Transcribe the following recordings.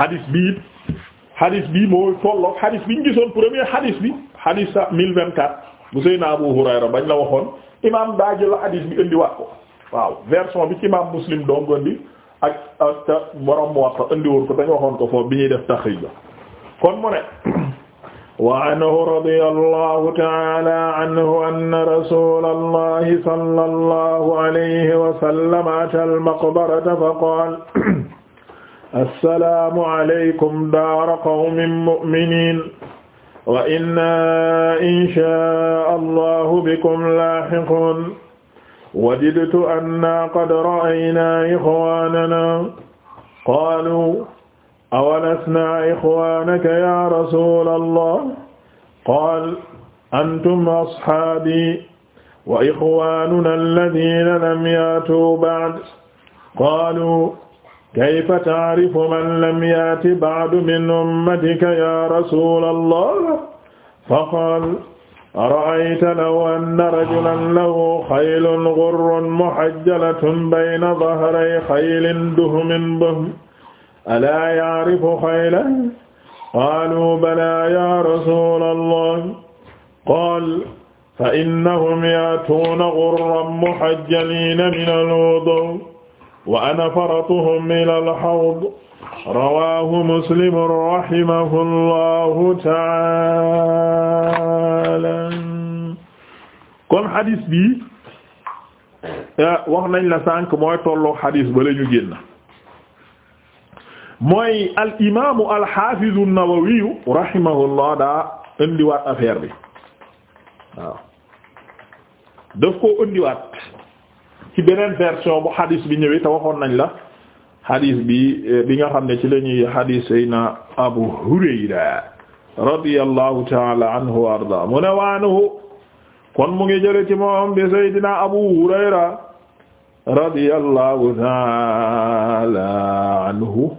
hadis bi it hadis bi moo tolloog hadis bi ñu gisoon premier hadis bi hadis sa 1024 bu Seydina Abu Hurayra bañ la waxoon imaam daa jël hadis bi indiwaat ko waaw version bi ci imaam Muslim dong indi ak ak ca borom Muwatta indiwoon ko dañu waxoon ko foofu bi ñuy def taxrij ba kon mu ne wa anhu ta'ala anhu anna rasulallahi sallallahu alayhi wa sallam al-maqbarata fa qala assalaamu aleykum daara qawmin mu'miniin wa inna inshaa allahu bikum laahiquun wajidtu annaa qad ra'aynaa ixwaananaa qaaluu awalasnaa ixwaanaka yaa rasuulallah qaal antum ashaabii wa ixwaanunaa allaziina lam yaatuu ba'd qaaluu kayfa taarifu man lam yaati ba'du min ummatika ya rasulallah faqaal ara'ayta law anna rajulan lahu xaylun ghurrun muhajjalatun bayna dhahray xaylin duhmin buhm alaa ya'rifu xaylahu qaaluu balaa ya rasulallah qaala fa innahum yaatuuna ghurran muhajjaliina minal wudu' wa ana faratuhum ila al-hawd rawahu muslim rahimahullahu taala kon xadis bi eh, wax nañ la sànq mooy tolloo xadis ba la ñu génn mooy al imaamu al xaafizu an-Nawawi rahimahullah daa bi waaw daf koo ci beneen version bu hadis bi ñëwee ta waxoon nañ la hadis bi eh, bi nga xam ne ci la ñuy hadis sayna Abu Hurayra radiyallahu ta'ala anhu wa arda mu ne waanuhu kon mu ngi jële ci moom bi saydina Abu Hurayra radiyallahu ta'ala anhu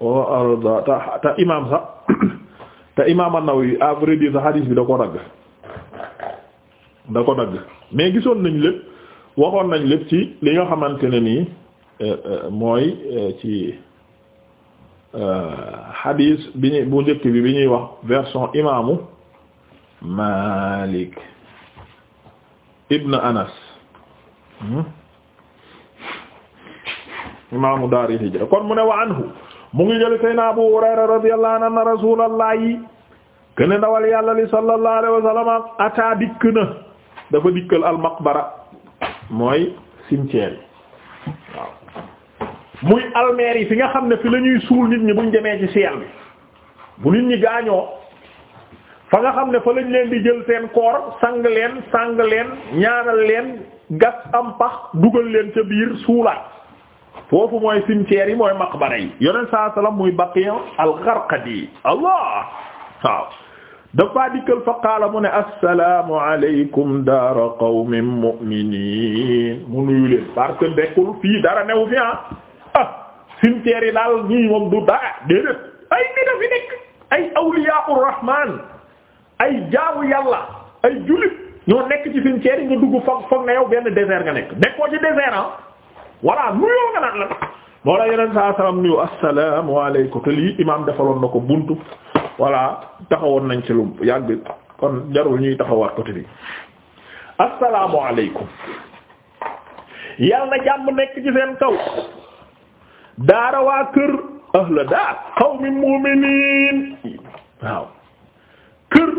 wa arda ta ta sax te imam An-Nawawi à vrai dire bi da ko dagg da ko gisoon nañ lépp waxoon nañ lépp ci li nga xamante ne nii euh, euh, mooy euh, ci hadis bi ñuy bu njëkk bi bi ñuy wax version imaamu Malik ibn Anas hmm? imaamu daari hijra kon mu ne wa anhu mu ngi jël sayna Abu Hurayra radiyallahu anhu anna rasulallahi kene ndawal yàlla li sallallahu alayhi wa dikk na dafa dikkal al mooy cimetière yi muy almeer yi fi nga xam ne fi lañuy ñuy suul nit ñi buñ demee ci seel bi bu nit ñi gaañoo fa nga xam ne fa lañ leen di jël seen koor sang leen sang leen ñaanal leen gas ampax pax dugal leen ca biir suulaat foofu mooy cimetière yi mooy maqbara yi yoneen saa salaam muy baqiya al yi allah waaw dafa dikkal fa qaala mu ne assalaamu alaykum daara qawmin mu'miniin mu nuyu leen parce que fii dara newu fi ah ah cimetière yi daal ñii moom du dara déedéet ay nit a fi nekk ay awliyaa'ur rahmaan ay jaamu yàlla ay jullit ñoo nekk ci cimetière yi nga dugg foog foog na yow benn désert nga nekk nekkoo ci désert ah voilà nuyoo nga naan la moo la yeneen saa salaam nuyu assalaamu alaykum te lii imaam defaloon na ko buntu. voilà taxawoon nañ ci lu yàgg kon jarul ñuy taxawaat côté bi assalaamu alaykum yàlla na nekk ci seen kaw daara waa kër ahla daar qawmi mu'minin waaw kër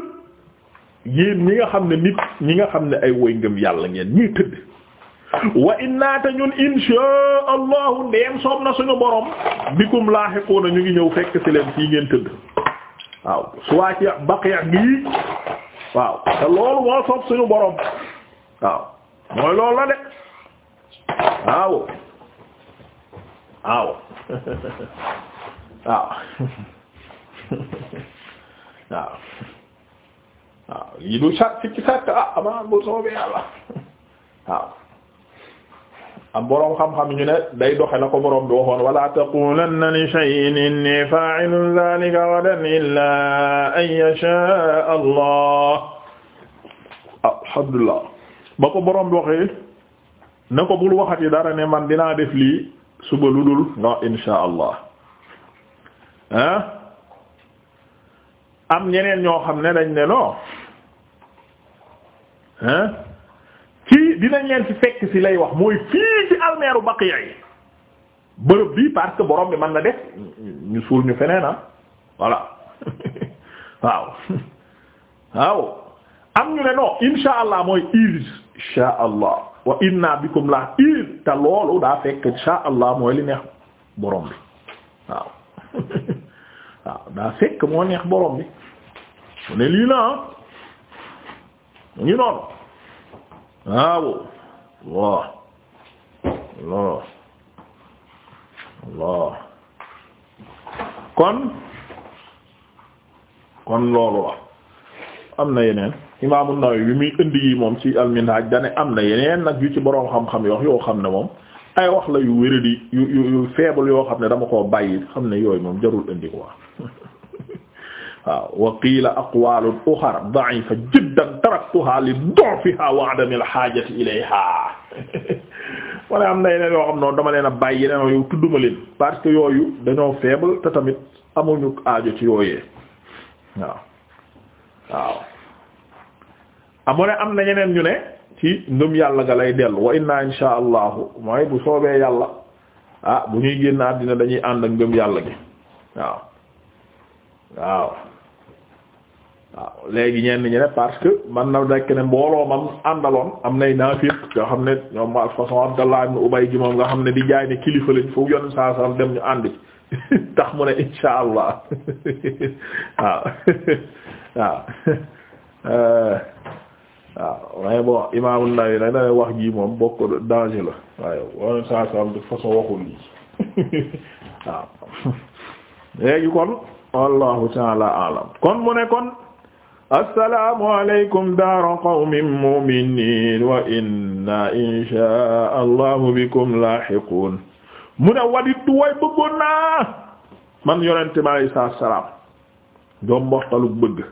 yéen ñi nga xam ne nit ñi nga xam ne ay woy ngëm yàlla ngeen ñuy tëdd wa innaata ñun inshaa allahu ndeem soob na suñu borom bikum laahiquuna ñu ngi ñëw fekk ci leen fii ngeen tëdd waaw soit ci baqi gi waaw te loolu moo soob suñu borom waaw mooy loolu la de waaw waaw waaw waaw waaw yi du sàkk ci sàkk ah amaa bu soobee yàlla waaw am boroom xam-xam ñu ne day doxe la ko boroom bi waxoon wala taqulanna li shay'in inni fa'ilun dhalika ghadan illa an yasha Allah alhamdulillah ba ko boroom bi waxee na ko bul waxati dara ne man dinaa def lii suba lu dul nga insha Allah ah am ñeneen ñoo xam ne dañ ne non ah dinañ leen ci fekk ci lay wax mooy fii ci almeeru Baqiya yi bërëb bi parce que borom bi man na def ñu suul ñu feneen am ah. waaw waaw am ñu ne non insha mooy insha allah wa inna bikum la ir te loolu daa fekk insha mooy li neex borom bi waaw waaw daa fekk moo neex borom bi mu ne lii na ah ñu noonu waaw Allah Allah Allah kon kon loolu la am na yeneen Imaam an yu muy indi yi moom ci Al-Minhaj dane am na yeneen nag yu ci boroom xam-xam yoo yoo xam ne moom ay wax la yu wéradi yu yu yu faible yoo xam ne dama koo bàyyi xam ne yooyu moom jarul indi quoi waaw wa qiila aqwaalun uxar da'ifa jiddan taraktuha li du'fiha wa 'adami al ilayha ma ne am na yeneen yoo xam noonu dama leen a bàyyi yeneen yow tudduma leen parce que yooyu dañoo faible te tamit amuñu aajo ci yooyee waaw waaw amu ne am na ñeneen ñu ne ci ngëm yàlla ga lay dellu wa inna insha allahu mooy bu soobee yàlla ah bu ñuy génn àddina dañuy ànd ngëm yàlla gi waaw waaw léegi ñenn ñi ne parce que man na nekk ne mbooloo mam àndaloon am nay naafiq nga xam ne ñoom ma façon Abdallah ibn Ubay gi moom nga xam ne di jaay ne kilifa lañ foofu yoon saa saa dem ñu ànd tax mu ne insha allah waaw waaw waaw waaye bon Imam An-Nawawi nag dana wax ji moom bokk danger la waaye yoon waaw léegi kon wallahu taala kon mu ne kon assalaamu aleykum daara qawmin mu'miniin wa inna insha allahu bikum laahiquun mu ne waditu way bëggoon naa man yonente bi alayhi salaam doom mboxtaluk bëgg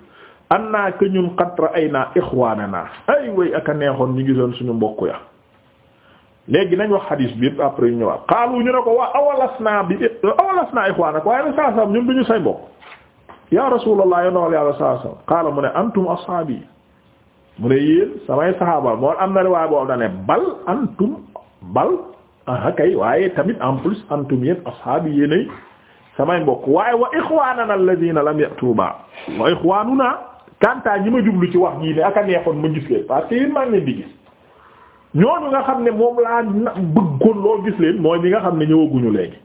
an naa ñun qad ra'aynaa ixwaananaa ay way aka neexoon ñu gisoon suñu mbokk ya léegi nañ wax xadiis bi yëpp après ñu ñëwaat qaalu ñu ne ko waa awalasnaa bi awalasnaa ixwaanaka waaye na saa saa ñun duñu say mbokk yaa rasuulallah ya ndawal yàlla saa saa qaala mu ne antum ashaabi mu ne yéen samay saxaaba moo am na riwaay boobu da ne bal antum bal ah kay waaye tamit en plus antum yéen ashaabi yéenay samay mbokk waaye wa ixwaanana alladina lam yatu ba wa ixwaanuna kantaa ñi ma jublu ci wax jii ne aka neexoon ma gis leen parce que yéen maa ngi leen di gis ñooñu nga xam ne moom laa bëggoon loo gis leen mooy ñi nga xam ne ñëwaguñu léegi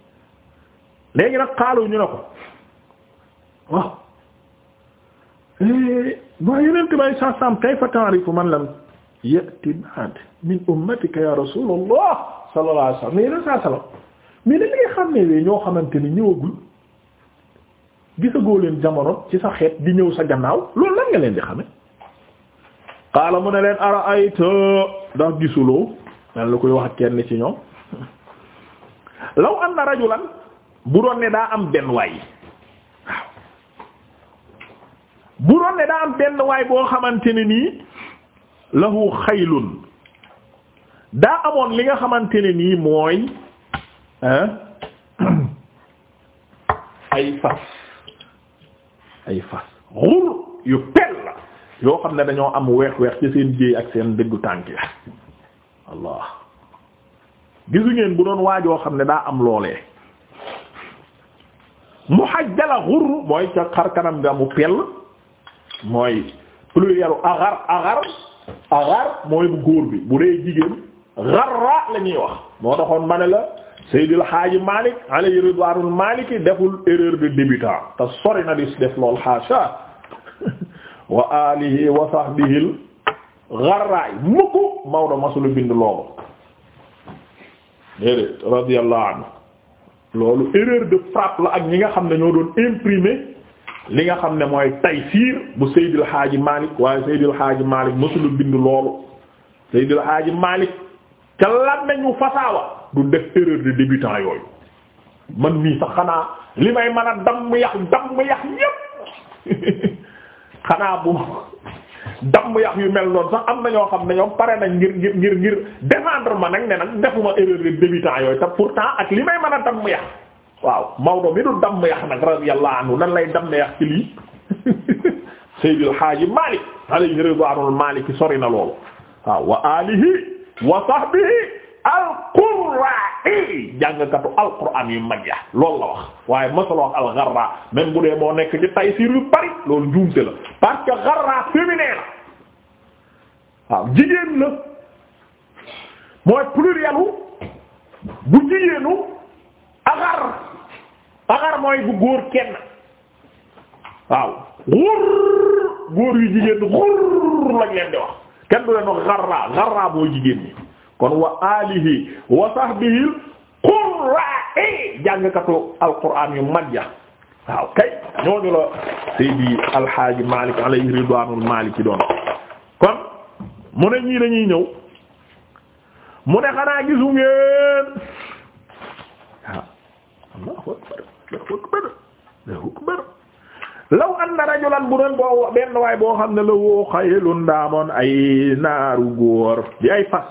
léegi nag xaalu ñu ne ko waaw moo yeneen tibay saa saam kayfa ta'rifu man lam ya'ti ba'd min ummatika ya rasulullah sallallahu alayhi wasallam mais yeneen saa salam mais da ngay xam ne ñoo xamante ni ñëwagul gisagoo leen jamono ci sa xeet di ñëw sa gannaaw loolu lan nga leen di xame qaala mu ne leen ara'ayta ndax gisuloo nan la koy wax kenn ci ñoom law anna rajulan bu doon ne daa am benn waay bu doon ne daa am benn waay boo xamante ne nii lahu xaylun daa amoon li nga xamante ne nii mooy ay fas ay fas xur yu pel la yoo xam ne dañoo am weex weex ci seen jéey ak seen dëggu tànk ya allah gisu ngeen bu doon waajoo xam ne daa am loolee muhajjala xur mooy ca xar kanam nga mu pel mooy plurielu agar agar agar mooy bu góor bi bu dee jigéen garra la ñuy wax moo taxoon ma ne la Seydil Haaji Malik alayhi deful erreur de débutant te sori na dis def lool haasha wa alihi wa sahbihil garraay mukk Maodo masula bind loolu déedéet radiyallahu loolu erreur de frappe la ak ñi nga xam ne ñoo doon imprimer li nga xam ne mooy taysiir bu Seydil xaaji Malick waaye Seydil Hadji Malick mësula bind loolu Seydil Hadji Malick ca lan nañu fasaawa du def erreur de débutant yooyu man mii sax xanaa li may mën a damm yax damm yax yépp xanaa bu damm yax yu mel noonu sax am na ñoo xam ne ñoom pare nañ ngir ngir ngir ngir défendre ma nag ne nag defuma erreur de débutant yooyu te temps ak li may mën a damm yax waaw Maodo mi du damm yax nag radiyallahu anhu nan lay damm yax ci lii Seydil Haaji Malik alayhi ridwaanul Malik sori na loolu waaw wa alihi wa sahbihi alqurra'i jàngkatu alqur'an yu mag ya loolu la wax waaye masala wax algarra même bu dee moo nekk ci taysiir yu bari loolu njuumte la parce que garra féminin la waaw jigéen la mooy plurielu bu jigéenu agar saxar mooy bu góor kenn waaw xur góor yu jigéen ñi xur lañ leen wax kenn du leen wax xarraa xarraa boo jigéen kon wa alihi wa sahbihi qurra'i eh, jàngkatu alquran yu mag ya waaw kay ñooñu la Seydi Alxaaji Malik alayhi ridwaanul Maliki doon kon mu ne ñii dañuy ñëw mu ne xanaa gisu ngeen waaw Allahu akbar Allahu rajulan bu doon boo benn waay boo xam ne la woo xaylun daamoon ay naaru góor di ay fas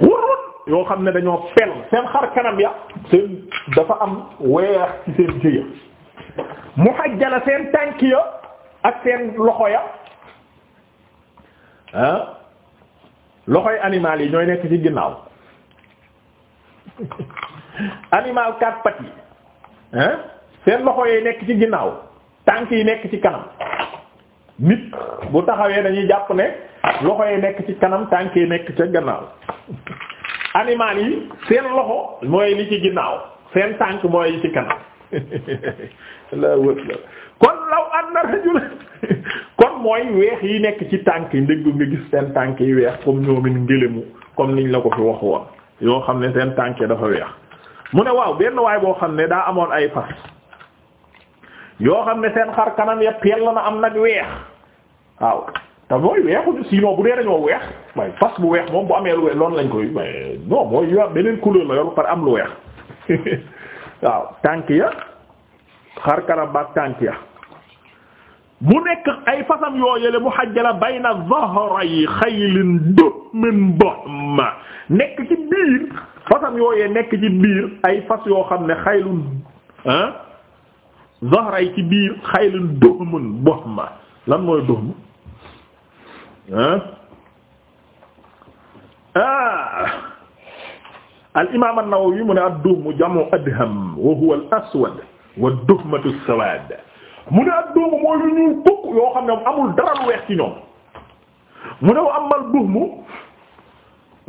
xurun yoo xam ne dañoo pel seen xar kanam ya seen dafa am weex ci seen jëya muhajjala seen tànk ya ak seen loxo ya ah, loxoy animal yi ñooy nekk ci ginnaaw animal quatre yi hein seen loxo yi nekk ci ginnaaw tànk yi nekk ci kanam nit bu taxawee dañuy jàpp ne loxo yi nekk ci kanam tànk yi nekk ca gannaaw animal yi seen loxo mooy li ci ginnaaw seen tànk mooy li ci kanam kon law anna rajulan kon mooy weex yi nekk ci tànk yi ndéggu nga gis seen tànk yi weex comme ñoomin ngélému comme niñ la ko fi wax yoo xam ne seen tànkee dafa weex mu ne waaw benn waay boo xam ne daa amoon ay fas yoo xam ne seen xar kanam yëpp yàlla na am nag weex waaw te mooy weexu sinon bu dee dañoo weex waaye fas bu weex moom bu amee lu weex loolu lañ koy waaye non mooy yor beneen couleur la yor par am lu weex waaw tànk ya xar kanam ba tànk ya mu nekk ay fasam yooyele mu xajjala bayna zahray xaylin duhmin buhm nekk ci biir fasam yooyee nekk ci biir ay fas yoo xam ne xaylun ah zahray ci biir xaylin duhmun buhm lan mooy duhm ah ah al imaam an-Nawawi mu ne ad-duhm jamu adham wa huwa al-aswad wa ad-duhmatu as-sawad mu ne ak dóomu mooy lu ñuul tukk yoo xam ne amul dara lu weex ci ñoom mu ne wa amal duhmu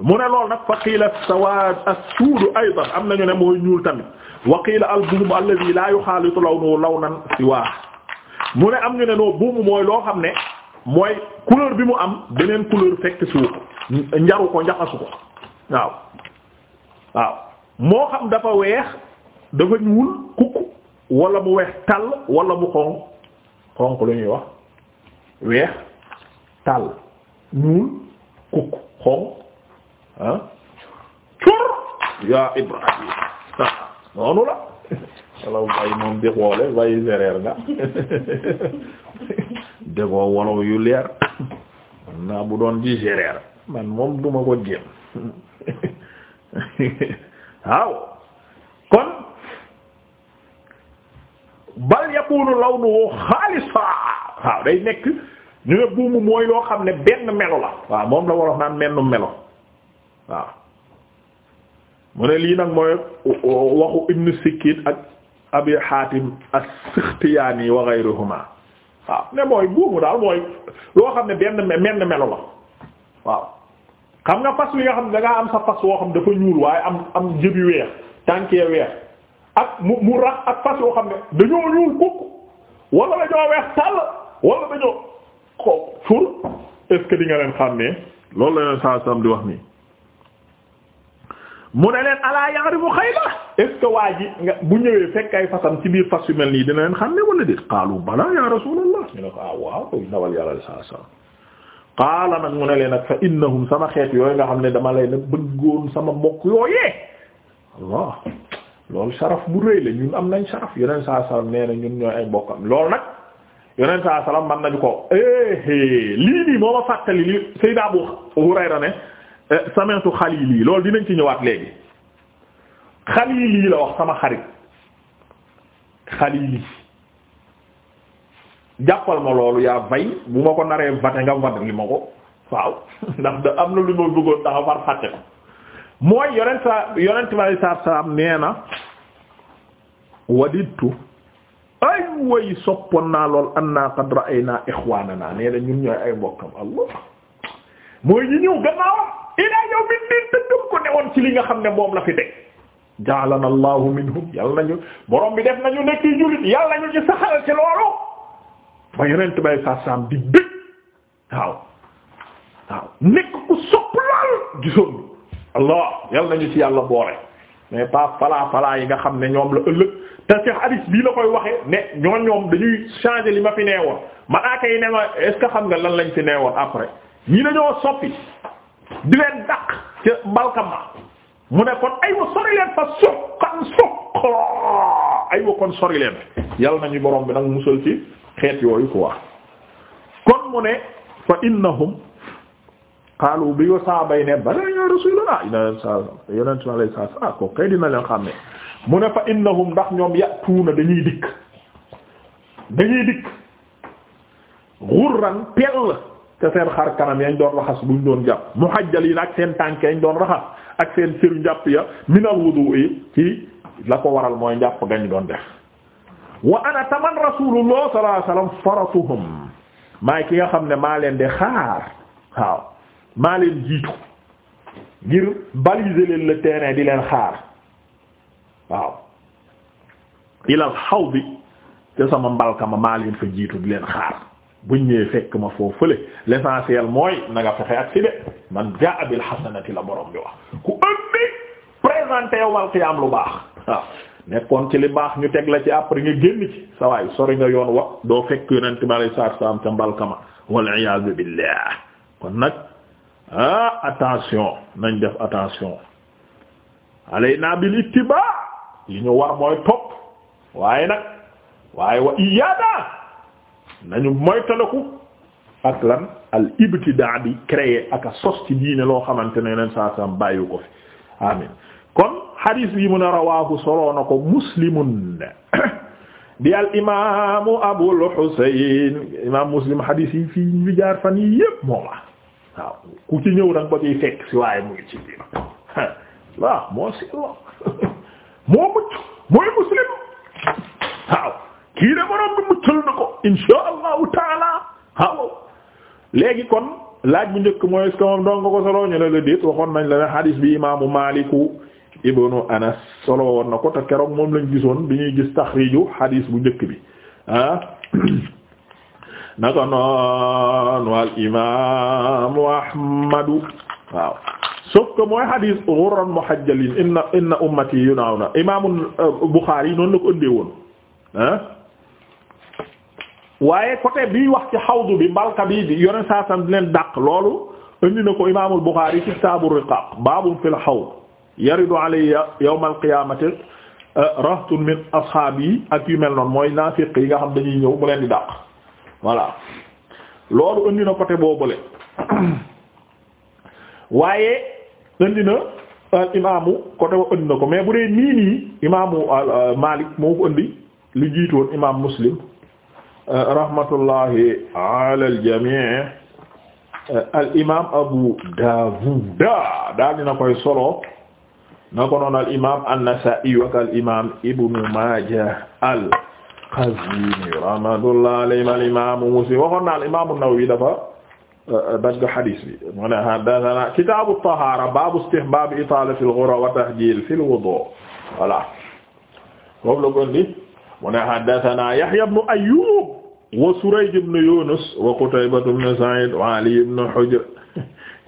mu ne lool nag fa qiila sawaad as-suud aydan am nañu ne mooy ñuul tamit wa qiila al-buhmu alladhi la law lawnuhu lawnan siwa mu ne am ñu ne noo buumu mooy loo xam ne mooy couleur bi mu am beneen couleur fekk si ko njaru ko njaxasu ko waaw waaw moo xam dafa weex dafa ñuul kukk wala bu weex tàll wala bu xonq xonq lu ñuy wax weex tàll ñuul kukk xonq ah yaa Ibrahim noonu la wala bay moom di xoole bay sereer nga dégoo wolof yu leer naa bu doon ji sereer man moom duma ko jéem waaw kon bal yakunu lawnuhu xaalisa waaw day nekk ñu ne buumu mooy loo xam ne benn melo la waaw moom la wolof naan melo waaw mu ne lii nag mooy waxu ibnu sikkiit ak abi hatim as-sikhtiyani wa ghayruhuma waaw ne mooy buumu daal mooy loo xam ne benn melo la waaw xam nga fas wi nga xam ne da am sa fas woo xam dafa ñuul waaye am am jëbi weex tànkee weex ak mu mu rax ak fas yoo xam ne dañoo ñuul kukk wala dañoo weex tàll wala dañoo fur est-ce leen xàmmee loolu la leen saa sam di wax nii mu ne leen alaa ya'rifu xayla est-ce que ji nga bu ñëwee fekk ay fasam ci biir fas yu mel nii dina leen xàmmee wala déet qaalu bala ya rasulallah ñu ne ko ah waaw ndawal yàlla li saa sam qaala nag mu ne leen nag fa innahum sama xeet yooyu nga xam ne dama lay nag bëggoon sama mbokk yooyee allah loolu saraf bu rëy la ñun am nañ saraf yoneen saa salaam nee na ñun ñooy ay mbokkam loolu nag yoneen saa salaam man nañu ko eh, eh, lii nii moo ma fàttali li Seydina Abu Hurayra ne eh, samentu xalili loolu dinañ ci ñëwaat léegi xalili la wax sama xarit xalili jàppal ma loolu yaa vay bu ma ko naree vate nga vate li ma ko waaw ndax da am na lu ma bëggoon taxa far fàtte ko mooy yonent sa yonent bi alayhi salaatu salaam nee na ay way soppoon naa lool anna qad ra'aynaa ixwaananaa nee ñun ñooy ay mbokkam allah mooy ñi ñëw gannaawam ilaa yawmin diin tëddum ko newoon ci li nga xam ne moom la fi teg ja'alana allahu minhum yàlla nañu borom bi def nañu nekk jullit yàlla nañu ci saxal ci loolu ba yonent bi alayhi salaatu salaam di bëgg waaw waaw nekk ku sopp lool gisoon allah na nañu ci yàlla boole mais pas falaa falaa yi nga xam ne ñoom la ëllëg te ci hadis bii la koy waxee ne ñoo ñoom dañuy changer li ma fi neewoon malaaka yi ne ma est-ce que xam nga lan lañu fi neewoon après ñii dañoo soppi di leen dàq ca mbalkam ma mu ne kon ay wa sori leen fa suqan suq ay wa kon sori leen yal nañu borom bi nag musal ci xeet yooyu quoi kon mu ne fa innahum xaalu bi ko saabay ne bala ya rasulullah yeneen saa yeneen saa lay saa saa ko kay dina leen xam ne mu ne fa innahum ndax ñoom yatuuna dañuy dikk dañuy dikk xurran pell te seen xar kanam yañ doon raxas buñ doon jàpp muhajjaliin ak seen tànk yañ doon raxas ak seen cëru njàpp ya minal wudu'i ci la ko waral mooy njàpp gañ doon def wa ana taman rasulullah sallallahu alayhi wasallam faratuhum maay ki nga xam ne maa leen di xaar waaw maa leen jiitu ngir baliser leen le terrain di leen xaar waaw ilal xaw bi te sama mbalka ma maa leen fa jiitu di leen xaar buñ ñëwee fekk ma foofu fële l'essentiel mooy na nga fexe ak si de man jaa bil hasanati la borom bi wax ku ëndi présenté yowmal qiyaam lu baax waaw nekkoon ci li baax ñu teg la ci après nga génn ci sa waay sori nga yoon wa doo fekk yonent bi alayhi salaatu wa ca mbalka ma wal iyaadu billah kon nag ah attention nañ def attention alayna bil ittiba li ñu war mooy topp waaye nag waaye wa iyaada nañu moytalaku ak lan al ibtidaa di créer ak a sos ci diine loo xamante ne leen saa saam bàyyi ko fi amin kon hadith bi mun a rawaahu soloo na ko muslimun di al imaamu abul husayn imaam muslim hadith yi fi ñu jaar fan yépp moo la waaw ku ci ñëw nag ba ciy fekk si waaye mu ngi ci biir waaw moo seetloo moo mucc mooy muslim waaw kii de borom bi muccal na ko insha allahu taala waaw léegi kon laaj bu njëkk mooy est-ce que moom doon ko solo ñu la la déet waxoon nañ la ne xadiis bi imaamu Maaliku ibnu Anas solo woon na ko te keroog moom lañ gisoon bi ñuy gis taxriiju xadiis bu njëkk bi ah. naka noonu al imaamu Ahmadu waaw sauf que mooy hadis ghurran muhajjalin inna inna ummati yunawna imaamu euh, Buxaari noonu la ko ëndee woon ah. waaye côté bii wax ci xawdu bi mbalka bi di yoneen saa sam di leen dàq loolu indi na ko imaamul Buxaari ci kitaabu riqaaq baabun fil xawd yaridu alayhi yawmal qiyaamati euh, min ashaabi ak yu mel noonu mooy naafiq yi nga xam dañuy ñëw mu leen di voilà loolu indi na côté boobule waaye indi na al euh, imaamu côté boobu indi na ko mais bu dee nii nii imaamu euh, euh, Malik moo ko indi li jiitoon imaam Muslim rahmatullahi ala al jamii al imaam Abu Daawuda daal dina koy solo na ko noon al imaam an-Nasaa'i wa al imaam Ibnu Maaja al Qazwini rahmatullah alayhi al imam Muslim waxoon naa al imam An-Nawawi dafa dagg hadis bi mu ne haddathana kitabu at-tahara babu istihbab italati al-ghura wa tahjil fi al-wudu voilà boobu la gondi mu ne haddathana Yahya ibn Ayyub wa Surayj ibn Yunus wa Qutaybah ibn Sa'id wa Ali ibn Hujr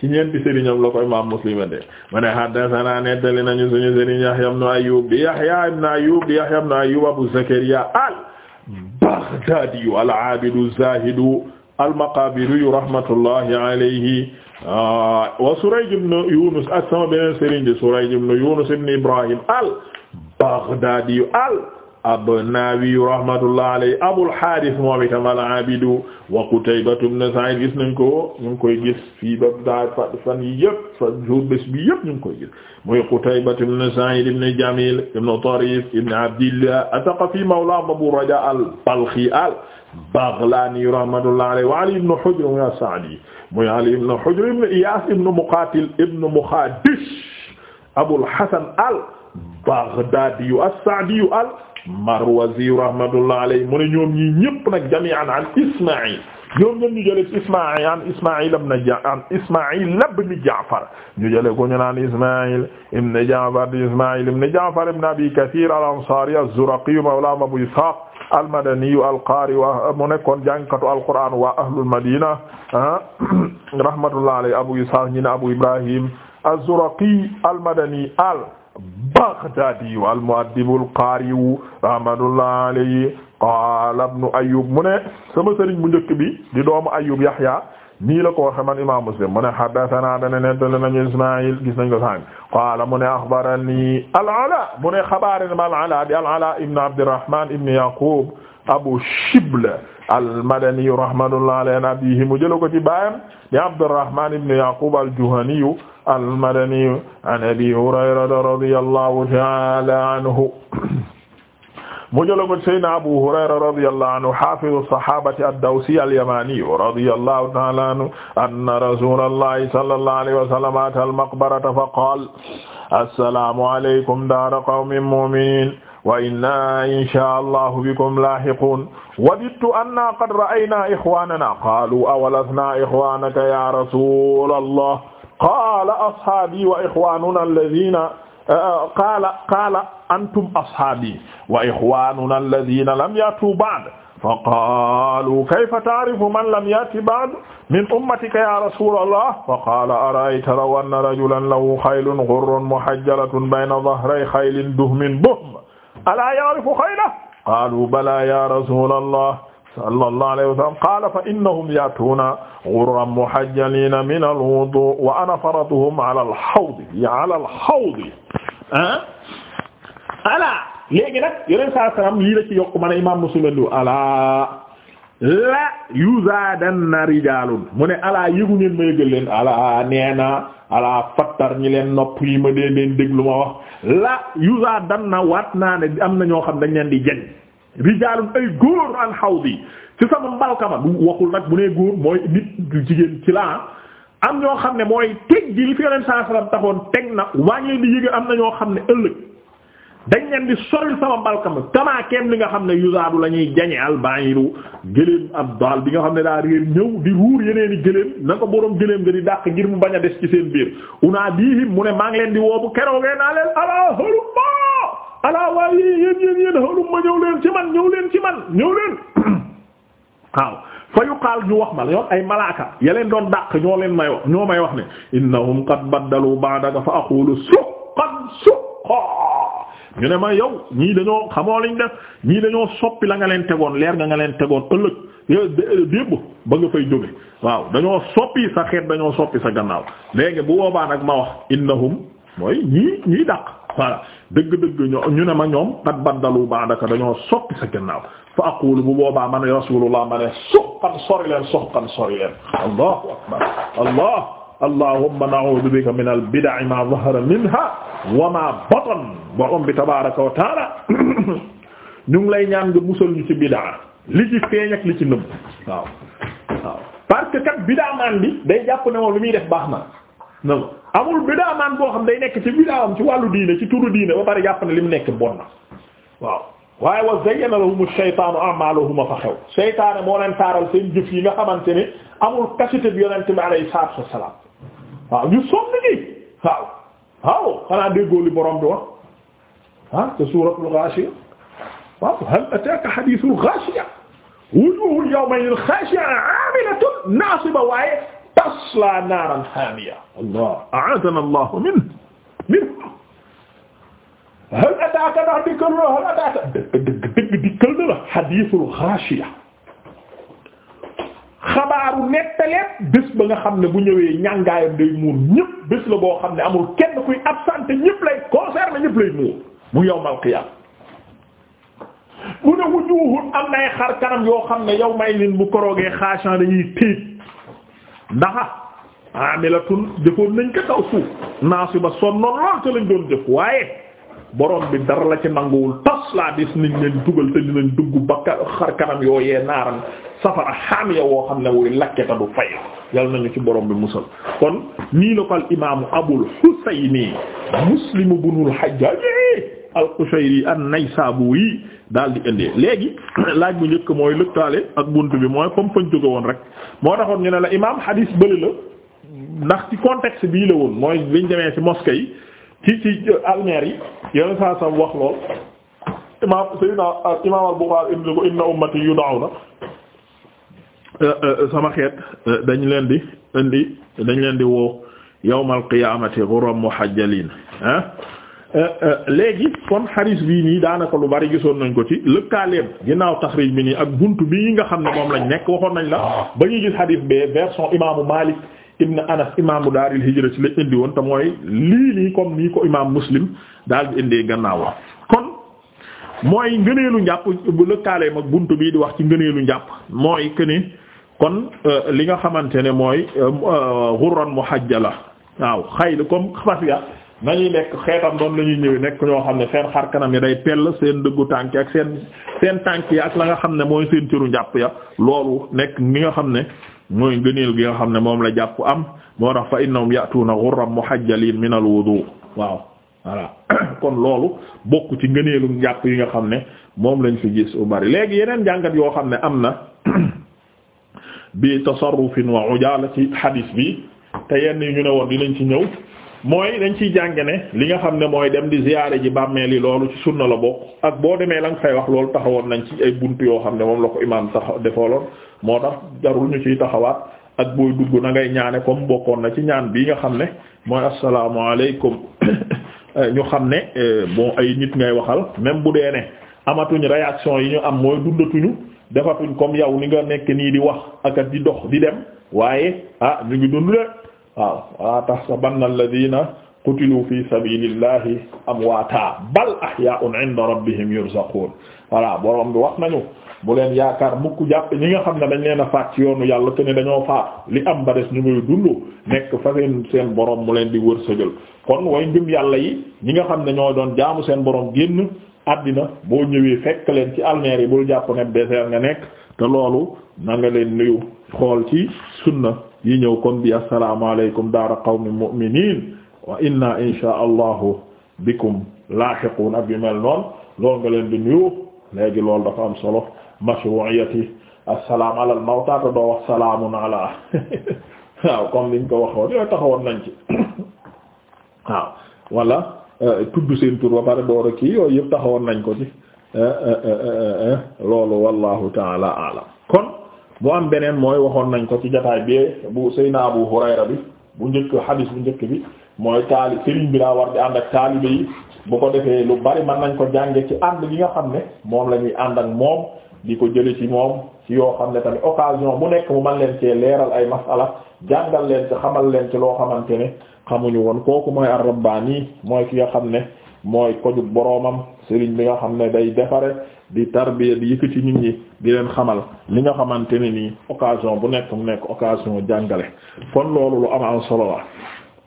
ci ñeenti sëriñam la ko imam Muslim de mu ne haddathana nettali nañu suñu sëriñ Yahya ibn Ayyub bi Yahya ibn Ayyub bi Yahya ibn Ayyub Abu Zakariya al-Baghdadi al-abidu zahidu al-maqabiriyu rahmatullahi alayhi wa Surayj ibn Yunus ak sama beneen sëriñ di Surayj ibn Yunus ibn Ibrahim al-Baghdadi al Abnaawiyu rahmatullah alayhi Abul Haaris moom itam al-Aabidu wa Qutaybatu ibn Sa'iid gis nañ ko ñu ngi koy gis fii ba daa fan yii yëpp fa jour bés bi yëpp ñu ngi koy gis muy Qutaybatu ibn Sa'iid ibn Jamiil ibn Tariif ibn Abdillah at-Thaqafi mawlaa Abu Rajaa al-Balkhi al-Baghlaani rahmatullah alayhi wa Ali ibn Hujr muy as-Sa'di muy Ali ibn Hujr ibn Iyaas ibn Muqaatil ibn Muxaadish Abul Hasan al-Baghdaadi as-Sa'di al Marwazi rahmatullah alayhi mu ne ñoom ñi ñëpp nag jami'an an Isma'il ñoom ñoom ñu jëlee ci Isma'il an Isma'il ibn Ja an Isma'il ibn Ja'far ñu jëlee ko ñu naan Isma'il ibn Ja'far di Isma'il ibn Ja'far ibn Abi Kathir al-Ansari az-Zuraqi mawla Abu Ishaq al-Madani al-Qari wa mu nekkoon jàngkatu al-Qur'an wa ahlul Madina ah, rahmatullah alayhi Abu Ishaq ñi na Abu Ibrahim az-Zuraqi al-Madani al Baghdaadiyu al-mu'addibu al-qaari'u rahmatullahi alayhi qaala ibnu Ayyuub mu ne sama sëriñ bu njëkk bi di doomu Ayyuub Yahya nii la ko waxee man imaam Muslim mu ne haddasanaa dana nettali nañu Ismaayil gis nañ ko sànq qaala mu ne axbaranii al-Alaa mu ne xabaar na ma al-Alaa di al-Alaa ibnu Abdirrahmaan ibnu Yaquub abu shibl almadani rahmatullah alayhi abihi mu jëla ko ci baayam di abdurrahman ibn yaqub aljuhani almadani an abi hurayrata radiyallahu ta'ala anhu mu jëla ko sayyidina abu hurayra radiyallahu anhu hafizu sahabati ad-dawsi al-yamani radiyallahu ta'ala anhu anna rasulallahi sallallahu alayhi wa sallam ata al-maqbarata fa qala assalamu alaykum dara qawmin mu'minin wa inna insha allahu bikum lahiqun wadittu anna qad ra'ayna ikhwanana qalu awalasna ikhwanaka ya rasul allah qala ashabi wa ikhwanuna alladhina uh, qala qala antum ashabi wa ikhwanuna alladhina lam yatu ba'd faqaalu kayfa taarifu man lam yaati ba'd min ummatika ya rasulallah faqaala ara'ayta law anna rajulan lahu xaylun ghurrun muhajjalatun bayna dhahray xaylin duhmin buhm alaa ya'rifu xayra qaalu balaa ya rasuulallah sallallahu alayhi wa sallam qaala fa innahum ya'tuuna ghurran muhajjaliina min al-wuduu' wa ana faratuhum ala al-hawdi ala al-hawdi alaa léegi nag yeneen saa salaam lii la ci yokk man imaam Muslim alaa la yuzaadanna rijaalun mu ne alaa yëgu ngeen ma yëgal leen alaa nee na alaa fattar ñi leen nopp yi ma dee leen déglu ma wax la yuzaadanna waat naa ne am na ñoo xam dañ leen di jañ rijaalun ay góor an hawdi ci sama mbalkama du waxul nag bu nee góor mooy nit jigéen ci la am ñoo xam ne mooy teg ji li fi saa salaam taxoon teg na waa ngeen di yëgal am na ñoo xam ne ëllëg dañ leen di soril sama mbalkam kamaa kem li nga xam ne yusaadu la ñuy jañe albayiru gëléem ab daal bi nga xam ne daa réer ñëw di ruur yeneen i na ko boroom gëléem nga di dàq ngir mu bañ a des ci seen biir unaa diihim mu ne maa ngi leen di woobu keroogee naa leen alaa halumma alaa waay yéen yéen yéen yéen halumma ñëw leen ci man ñëw leen ci man ñëw leen waaw fa yuqaal ñu wax ma la ay malaaka ya leen doon dàq ñoo leen may wax ñoo may wax ne innahum qad ñu ne ma yow ñii dañoo xamoo lañ def ñii dañoo soppi la nga leen tegoon leer nga nga leen tegoon ëllëg débb ba nga fay jóge waaw dañoo soppi sa xeet dañoo soppi sa gannaaw léegi bu boobaa nag ma wax innahum mooy ñii ñii dàq voilà dëgg-dëgg ñu ne ma ñoom qad baddalu ba'daka dañoo soppi sa gannaaw fa aqulu bu boobaa man rasulullah ma ne suqan sori leen suqan sori leen allahu akbar allah allahumma na'uudu bika min al-bida'i ma zahara minha wa ma batan borom bi tabaaraka wa taala ñu ngi lay ñaan nga musal ñu ci bidaa li ci feeñ ak li ci nëbb waaw waaw parce que kat bidaa maan bi day jàpp ne moom li muy def baax na non amul bidaa maan boo xam day nekk ci bidaawam ci wàllu diine ci turu diine ba pare jàpp ne li mu nekk bon na waaw waaye wa zayyana lahum ash-shaytaanu a'maalahum fa xew seytaane moo leen taaral seen jëf yi nga xamante ne amul kasite bi yonente bi alayhi salaatu wa waaw ñu sonn ñi waaw waaw xanaa déggoo li borom bi wax ah te suuratul Ghaashiya waaw hal ataaka hadiisul Ghaashiya wujuuhun yawma'idhin khaashi'atun 'aamilatun naasiba waaye taslaa naaran haamiya Allah a'aadanaa Allahu minhaa minhaa hal ataaka hal ataaka dëgg dëgg dikkal na la hadiisul Ghaashiya xabaaru nettaleeb bés ba nga xam ne bu ñëwee ñàngaayam day muur ñëpp bés la boo xam ne amul kenn kuy absenté ñëpp lay na ñëpp lay muur mu yawmal qiyaam mu ne wujuhun am nay xar kanam yoo xam ne yow may nin bu koroogee xaachan dañuy tiit ndaxa amilatun jëfoon nañ ko kaw suuf naasi ba sonnoon lool te lañ doon jëf waaye borom bi dara la ci nanguwul tas laa dis nañ leen dugal te dinañ dugg ba xar kanam yooyee naaran safara xaamiya woo xam ne wuy lakketa du fay yal nañu ci borom bi musal kon nii la ko al imaamu abul husayni muslimu bunul hajjaj al-Qushayri an-Naysaburi daal di indee léegi laaj bu njëkk mooy lëkkaale ak bunt bi mooy comme fañ jóge woon rek moo taxoon ñu ne la imaam hadis bële la ndax ci contexte bii la woon mooy biñ demee ci moska yi ci ci almeer yi yeneen saa sam wax lool imaam sayyidina uh, imaam al-Bukhari indi ko inna ummati yud'awna uh, uh, sama xeet dañ leen di indi dañ leen di woo yawmal qiyaamati ghuram muhajjalin ah léegi kon xaris bii nii daanaka lu bari gisoon nañ ko ci lëkkaaleem ginnaaw taxrij bi nii ak bunt bii nga xam ne moom lañ nekk waxoon nañ la ba ñu gis xadis bee version imaamu Maalik ibn Anas imaamu daaril hijra ci la indi woon te mooy lii nii comme nii ko imaam Muslim daal di indee gannaaw kon mooy ngëneelu njàpp bu lëkkaaleem ak bunt bii di wax ci ngëneelu njàpp mooy que ni kon euh, li nga xamante ne mooy mu euh, ghurran muhajjala waaw xayl comme fas ya nañuy nekk xeetam noonu la ñuy ñëwee nekk ñoo xam ne seen xar kanam yi day pel seen dëggu tànk ak seen seen tànk yi ak la nga xam ne mooy seen cëru njàpp ya loolu nekk ñi nga xam ne mooy gëneel gi nga xam ne moom la jàpp am moo tax fa innahum ya'tuuna ghurran muhajjalin min al-wudu waaw voilà kon loolu bokk ci ngëneelu njàpp yi nga xam ne moom lañ fi gis u léegi yeneen jàngat yoo xam ne am na bi tasarrufin wa ujaala ci hadis bi te yenn yu ñu ne woon dinañ ci ñëw mooy dañ ciy jànge ne li nga xam ne mooy dem di ziyaare ji bàmmeel yi loolu ci sunna la bokk ak boo demee la nga fay wax loolu taxawoon nañ ci ay bunt yoo xam ne moom la ko imaam taxaw defooloon moo tax jarul ciy taxawaat ak booy dugg na ngay ñaane comme bokkoon na ci ñaan bii nga xam ne mooy assalaamu alaykum ñu xam ne euh, bon ay nit ngay waxal même bu dee ne amatuñ réaction yi ñu am mooy dundatuñu defatuñ comme yow ni nga nekk nii di wax ak di dox di dem waaye ah ñu ngi dund de waaw wala tahsabanna alladhina qutilu fi sabilillahi amwaata bal ahyaa'un 'inda rabbihim yurzaqun voilà borom bi wax nañu bu leen yaakaar mukk jàpp ñi nga xam ne dañ leen a faat ci yoonu yàlla te ne dañoo faat li am ba des ñu ngi dund nekk fa seen seen boroom mu leen di wërsëgal kon way ngëm yàlla yi ñi nga xam ne ñoo doon jaamu seen borom génn àddina boo ñëwee fekk leen ci almeer yi bul jàpp ne désert nga nekk te loolu na nga leen nuyu xool ci sunna yi ñëw kon bi assalaamu alaykum daara qawmin mu'minin wa inna insha allahu bikum laahiqun ak yu mel noonu lool nga leen di nuyu léegi loolu dafa am solo mashru'iyati assalaam ala al mawta te doo wax salaamun ala liñ ko waxoon taxawoon nañ ci wala euh, tudd seen tur ba pare door a kii yooyu yëpp taxawoon nañ ko ci euh, euh, loolu wallahu taala alam kon mu am beneen mooy waxoon nañ ko ci jataay bi bu Seydina Abu Hurayra bi bu njëkk xadiis bu njëkk bi mooy taali sëriñ bi daa war di ànd ak taalibe yi bu ko defee lu bari mën nañ ko jànge ci ànd bi nga xam ne moom la ñuy ànd ak moom di ko jële ci moom ci yoo xam ne tamit occasion bu nekk mu man leen cee leeral ay masala jàngal leen ci xamal leen ci loo xamante ne xamuñu woon kooku mooy ar-rabbaani mooy ki nga xam ne mooy kojug boroomam sëriñ bi nga xam ne day defare di tarbiya di ci nit ñi di leen xamal li nga xamante ne nii occasion bu nekk mu nekk occasion jàngale kon loolu lu am am solo la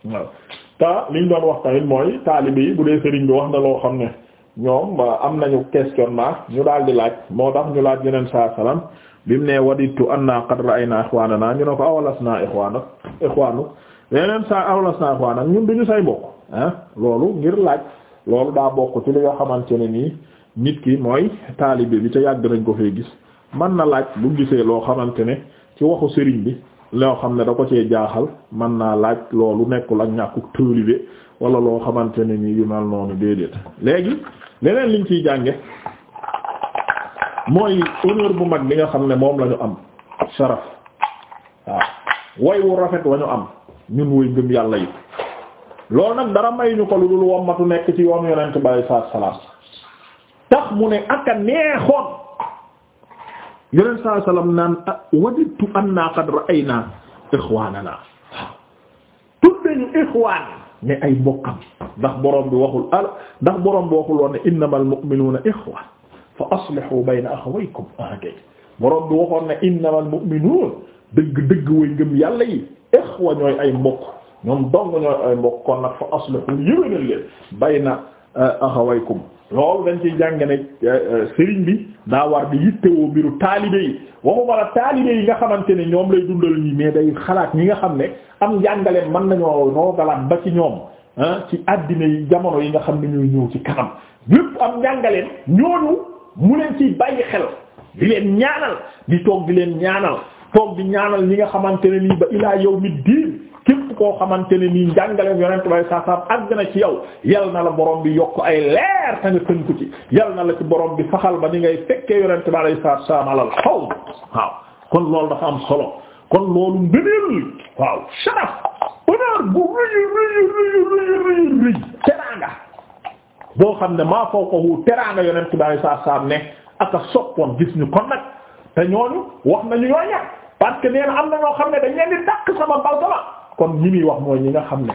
waaw li liñ doon wax tamit mooy taalibe yi bu dee sëriñ bi wax na loo xam ne ñoom am nañu questionnement ñu daal di laaj moo tax ñu laaj yeneen saa salaam bi mu ne waditu anna qad ra'ayna ikhwanana ñu ne ko awalasna ikhwana ikhwanu yeneen saa awalasna ikhwana ñun duñu say bokk ah loolu loolu daa bokk ci li nga xamante ne nii nit ki mooy taalibe bi te yàgg nañ ko fee gis man na laaj bu gisee loo xamante ne ci waxu sëriñ bi loo xam ne da ko cee jaaxal mën naa laaj loolu nekkul ak ñàkkuk taalibe wala loo xamante ne nii yu mel noonu déedéet léegi leneen liñ ciy jànge mooy honneur bu mag li nga xam ne moom lañu am sharaf waaw way wu rafet wa am ñun woy ngëm yàlla yi loolu nag dara may ñu ko lu dul wommatu nekk ci yoon yonent bi alayhi salaatu salaam tax mu ne ak a neexoon yonent salaatu salaam naan ah, wadidtu anna qad ra'ayna ixwaanana tudde ñu ixwaan ne ay mbokkam ndax borom bi waxul al ah, ndax borom bi waxul woon ne innamal mu'minuuna ixwa fa aslihu bayna axawaykum ahkay borom bi waxoon ne innamal mu'minuun dëgg dëgg way ngëm yàlla yi ixwa ñooy ay mbokk ñoom dong ñooy ay mbokk kon nag fa aslahu yëwénal leen bayna eh, axawaykum loolu dañ ci jàng ne eh, eh, sëriñ bi daa war di yittewoo mbiru taalibe yi waxu wala taalibe yi nga xamante ne ñoom lay dundal ñi mais day xalaat ñi nga xam ne am njàngaleen mën nañoo roogalaat ba ci ñoom ci àddina yi jamono yi nga xam ne ñooy ñëw ci kanam yépp am njàngaleen ñooñu mu leen ciy bàyyi xel di leen ñaanal di toog di leen ñaanal toog di ñaanal ñi nga xamante ne nii ba ilaa yawmi diin képp koo xamante ne nii njàngaleem yonent bay saa saa àgg na ci yow yal na la bi yokk ay leer ta la ci borom bi faxal ba ni ngay fekkee yonent bi alayhi salaatu salaam alal kon loolu dafa am solo kon loolu ngëneel xam ne maa fawqahu teraanga yonent bi alayhi salaatu salaam ne ak soppoon gis ñu kon nag te ñooñu wax nañu ñoo parce que nee na am na ñoo xam ne dañ leen di dàq sama mbal sama kon ñi muy wax mooy ñi nga xam ne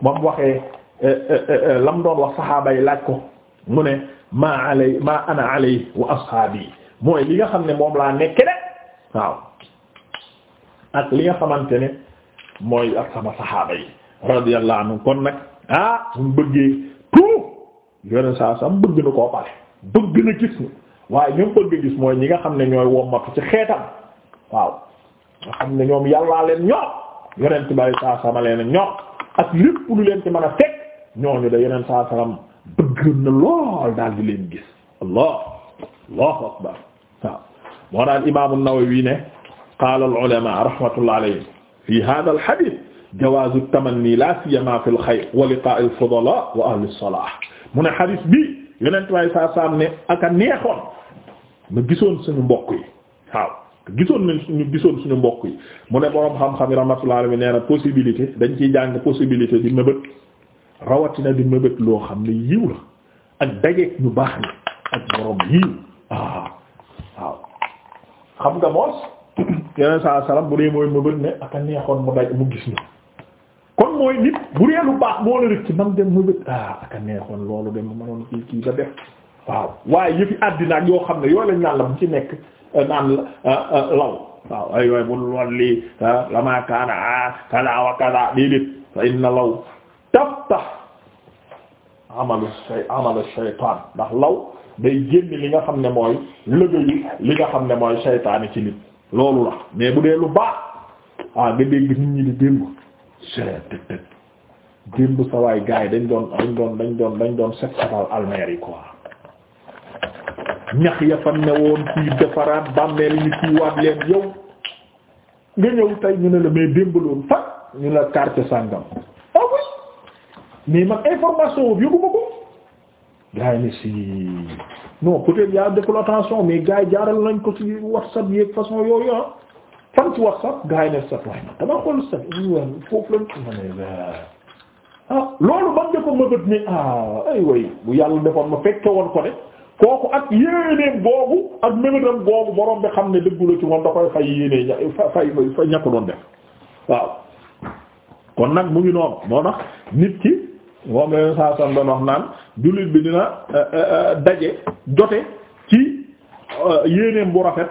moom waxee eh, eh, eh, lam doon wax saxaaba yi laaj ko mu ne maa alay maa ana alay wa ashaabi mooy li nga xam ne moom laa nekke de waaw ak li nga xamante ne mooy ak sama saxaaba yi radiyallahu anhu kon nag ah suñ bëggee tout yoneen saa sam bëgg na koo pare bëgg na gis ñu waaye ñoom bëgg gis mooy ñi nga xam ne ñooy wommatu ci xeetam waaw nga xam ne ñoom yàllaa leen ñor yonent bi saa sama leen ñor ak lépp lu leen ci mën a fekk ñooñu da yonent saa salaam bëgg na lool daal di leen gis allah allahu akbar waaw moo naan imaamu Nawawi ne qaala al-ulamaa rahmatullah alayhim fi haadha al-hadiith jawaazu tamanni laa siyamaa fil xayr wa liqaa'i al-fudalaa wa ahli as-salaah mu ne hadiis bi yonent bi saa salaam ne ak a neexoon ma gisoon suñu mbokk yi waaw. gisoon nañ suñu gisoon suñu mbokk yi mu ne boroom xam-xam yi rahmatullah alayhi nee na possibilité dañ ciy jàng possibilité di mëbët rawatina di mëbët loo xam ne yiw la ak dajeek ñu baax ni ak boroom yiw ah. waaw xam nga moos yeneen saa salaam bu dee mooy mëbët ne ak a neexoon mu daj mu gis ñu kon mooy nit bu dee lu baax moo la rëcc ci nam dem mëbët ah ak a neexoon loolu dem ma mënoon kii kii ba def waaw waaye yëfi àddina yoo xam ne yooyu lañ naan la mu ci nekk naan ah, ah, law waaw ay waay bul wan lii ah, lama kaana kada wa kada déedéet fa inna law taftah amalu amalu shaytan ndax law day génn li nga xam ne mooy lëgëyu li nga xam ne mooy shaytaani ci nit loolu la mais bu dee lu baax ah nga dégg nit ñi di démb seret tëg démb sa waay yi dañ doon dañ doon dañ doon dañ doon set satal ñax ya fa newoon kuy defaraat bàmmeel yi kuy waat leen yow nga ñëw tey ñu ne la mais démbaloon fan ñu la carte sàngam ah ok mais man information bi yóbbu ma ko gars yi ne si non peut-être nañ ko ci whatsapp yeeg façon yooyu ah yi ne sax waaye man damaa xool ah, loolu man de ko mëbët ne ah aywa bu yàlla defoon ma fekke woon ko de. kooku ak yéeneem boobu ak mébétam boobu borom bi xam ne dëggula ci moom da koy fay yéenee ña fay fay ña doon def waaw kon nag mu ngi noonu moo tax nit ki moom leen saa sam doon wax naan jullit bi dina euh, euh, euh, daje jote ci yéeneem bu rafet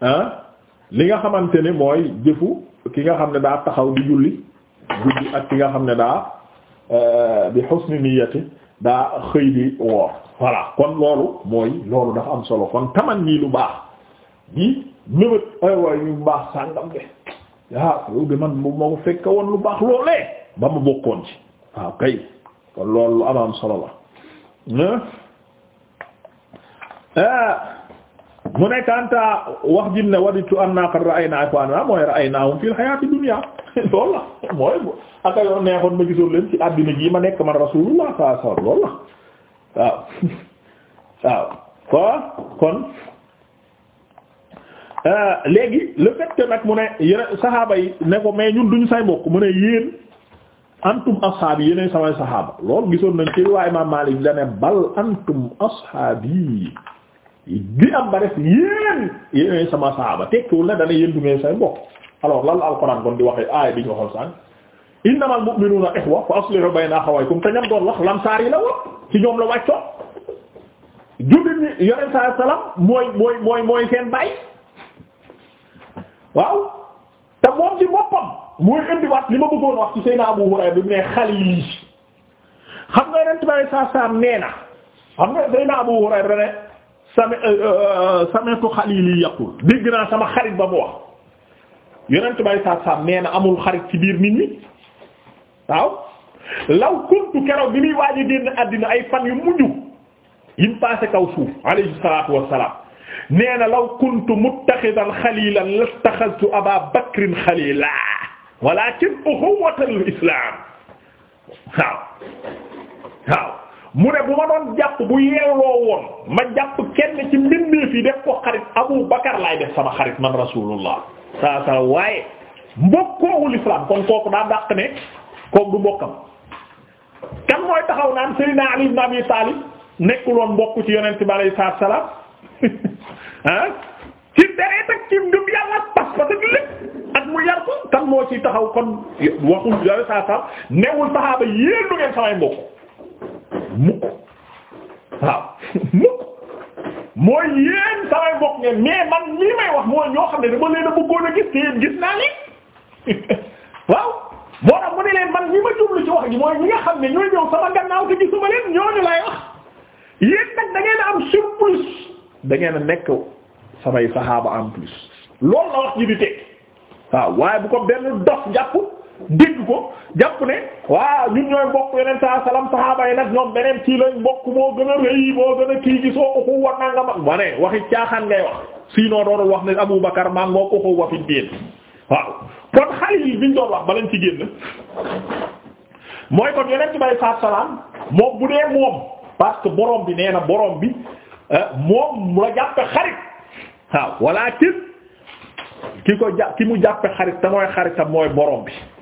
ah li nga xamante ne mooy jëfu ki nga xam ne daa taxaw di julli guddi ak ki nga xam ne daa bi husni niyyati daa xëy di woor voilà kon loolu mooy loolu dafa am solo kon taman nii lu baax di nëbët ay waay baax sàngam de waaw yow de man bu ma ko fekk woon lu baax loolee ba ma bokkoon ci waaw kay kon loolu lu am am solo la ah. mu ne Kanta wax jim ne waditu anna qad ra'ayna ikhwana mooy ra'aynahum fil hayati dunya loolu la mooy ak a yoon neexoon ma gisoon leen ci àddina ji ma nekk man rasulullah sallallahu alayhi wasallam la waaw waaw kon euh, léegi le fait nag mu ne yeneen saxaaba yi ne ko mais ñun duñu say mbokk mu ne yéen antum ashaabi yeneen samay saxaaba loolu gisoon nañ ci riwaay Imaam Maalik la bal antum ashaabi bi am ba def yéen yéenay sama saaba tekkiwul na dana yéen du ngeen say mbokk alors lan la alxuraan kon di waxee aay bi ñu waxoon sànq innamal mu'minuuna ixwa fa aslihu bayna axawaykum te ñam doon wax lamsaar yi la woon ci ñoom la wàccoon. jullit ñi yonent saa salaam mooy mooy mooy mooy seen bàyyi waaw te moom ci boppam mooy indiwaat li ma bëggoon wax ci Seydina Abu Hurayra bi mu ne xaliil xam nga yonent bi saa saa nee na xam nga Seydina Abu Hurayra ne. sami euh, euh, sami'tu xalili yaqul dégg naa sama xarit ba mu wax yonent bay saat saam nee na amul xarit ci biir nit ñi waaw law kuntu keroog bi muy waaj a génn àddina ay fan yu mujj yim passé kaw suuf alayhi salaatu wassalaam nee na law kuntu muttaxidan xalilan lattaxadtu aba bakrin xalila walakin uxuwatal islam waaw waaw mu ne bu ma doon jàpp bu yelloo woon ma jàpp kenn ci mbindeef yi def ko xarit Abu Bakar laay def sama xarit man rasulullah saa saa waaye mbokkoowul islam kon kooku daa dàq ne kooku du mbokkam kan mooy taxaw naan Seydina Ali ibn Abi Talib nekkul woon mbokk ci yonent bi alayhi salaatu salaam ah ci deret ak ci ndum yàlla pas parce que lépp ak mu yar ko kan moo ci taxaw kon waxul yàlla saa saa newul saxaaba yéen ngeen samay mbokk. mukk waaw mukk mooy yéen samay bokk ngeen mais man lii may wax mooy ñoo xam ne dama leen a a gis te gis naa ni waaw moo tax mu ne leen man ñi ma jublu ci wax ji mooy ñi nga xam ne ñooy ñëw sama gannaaw te gisuma leen ñooñu lay wax yéen nag da ngeen am surplus da ngeen a nekk samay saxaaba en plus loolu la wax ji teg waaw waaye bu ko benn dox jàpp. dégg ko jàpp ne waaw ñun ñooy mbokk yeneen saa salaam saxaaba yi nag ñoom beneen kii lañ mbokk moo gën a rëy moo gën a kii gi soo uxu war naa nga mag wane waxi caaxaan ngay wax sinon doonul wax ne Abu Bakar maa moo uxu wa fi diin waaw kon xale yi biñ doon wax balañ ci génn mooy kon yeneen ci bay saa salaam moom bu dee moom parce que borom bi nee na borom bi eh, moom la jàppe xarit waaw walakin ki ko jàpp ki mu jàppe xarit te mooy xaritam mooy borom bi